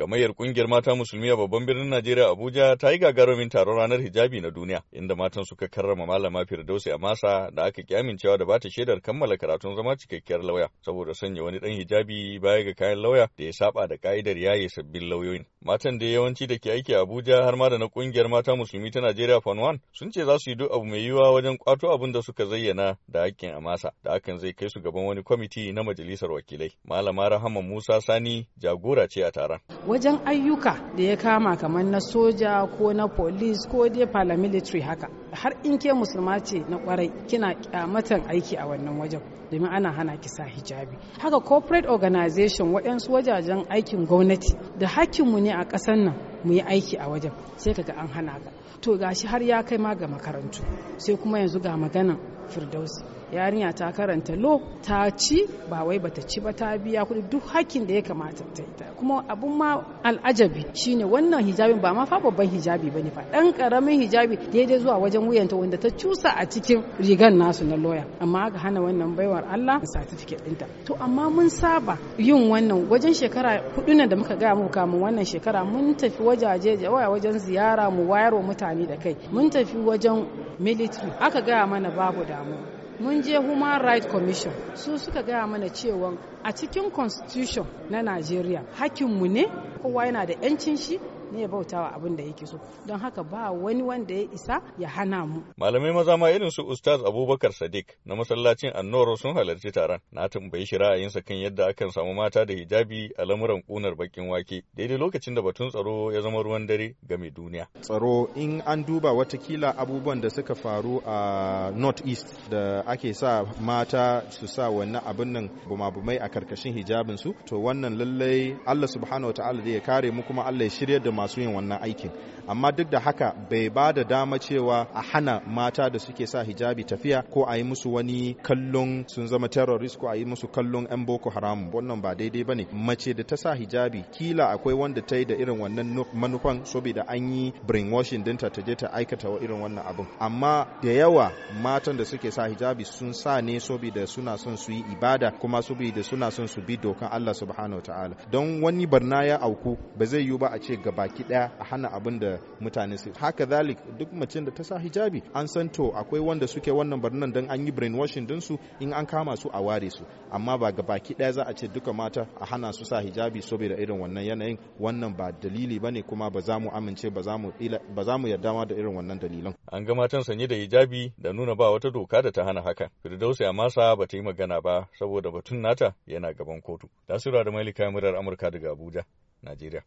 Gamayyar kungiyar mata musulmi a babban birnin Najeriya Abuja ta yi gagarumin taron ranar hijabi na duniya inda matan suka karrama malama Firdausi Masa da aka amincewa da bata shaidar kammala karatun zama cikakkiyar lauya saboda sanya wani dan hijabi baya ga kayan lauya da ya saba da ka'idar yaye sabbin lauyoyin. Matan da yawanci da ke aiki a Abuja har ma da na kungiyar mata musulmi ta Najeriya Fan sun ce za su yi duk abu mai yiwuwa wajen kwato abin da suka zayyana da hakkin Amasa da hakan zai kai su gaban wani kwamiti na majalisar wakilai. Malama Rahama Musa Sani jagora ce a taron. wajen ayyuka da ya kama kamar na soja ko na police ko dai paramilitary haka har in ke musulma ce na kwarai kina kyamatan aiki a wannan wajen domin ana hana ki sa hijabi haka corporate organization waɗansu wajajen aikin gwamnati da hakkinmu ne a ƙasar nan mu yi aiki a wajen sai kaga an hana ka to gashi har ya kai ma ga makarantu sai kuma yanzu ga maganan firdausi yarinya ta karanta lo ta ci ba wai bata ci ba ta biya kuɗi duk hakkin da ya kamata ta yi kuma abun ma al'ajabi shine wannan hijabin ba ma fa babban hijabi ba ne fa ɗan ƙaramin hijabi daidai zuwa wajen wuyanta wanda ta cusa a cikin rigan nasu na loya amma aka hana wannan baiwar Allah certificate dinta to amma mun saba yin wannan wajen shekara hudu da muka gaya muku kamun wannan shekara mun tafi wajaje da yawa wajen ziyara mu wayar wa mutane da kai mun tafi wajen military aka gaya mana babu damu mun je human rights commission su suka gaya mana cewa a cikin constitution na najeriya mu ne kowa yana da 'yancin shi ne ya bautawa abin da yake so don haka ba wani wanda ya isa ya hana mu malamai maza ma irin su ustaz abubakar sadiq na masallacin annoro sun halarci taron na tambayi shi ra'ayinsa kan yadda akan samu mata da hijabi a lamuran kunar bakin wake daidai lokacin da batun tsaro ya zama ruwan dare ga mai duniya tsaro in an duba watakila abubuwan da suka faru a north east da ake sa mata su sa wannan abin nan buma bumai a karkashin hijabin su to wannan lallai Allah subhanahu wa ta'ala da ya kare mu kuma Allah ya shiryar da masu yin wannan aikin amma duk da haka bai ba da dama cewa a hana mata da suke sa hijabi tafiya ko a yi musu wani kallon sun zama terrorist ko a yi musu kallon 'yan boko haram wannan ba daidai ba ne mace da ta sa hijabi kila akwai wanda ta yi da irin wannan manufan saboda an yi brainwashing dinta ta je ta aikata wa irin wannan abun amma da yawa matan da suke sa hijabi sun sa ne saboda suna son su yi ibada kuma saboda suna son su bi dokan Allah subhanahu wataala don wani barna ya auku ba zai yiwu ba a ce gaba baki daya a hana abin da mutane su haka zalik duk macen da ta sa hijabi an san to akwai wanda suke wannan barnan dan an yi brainwashing din su in an kama su a ware su amma ba ga baki daya za a ce duka mata a hana su sa hijabi saboda irin wannan yanayin wannan ba dalili bane kuma ba za mu amince ba za mu ba za mu yarda ma da irin wannan dalilan an ga matan sanye da hijabi da nuna ba wata doka da ta hana haka firdausi sa ba ta yi magana ba saboda batun nata yana gaban kotu tasira da mailika murar amurka daga abuja najeriya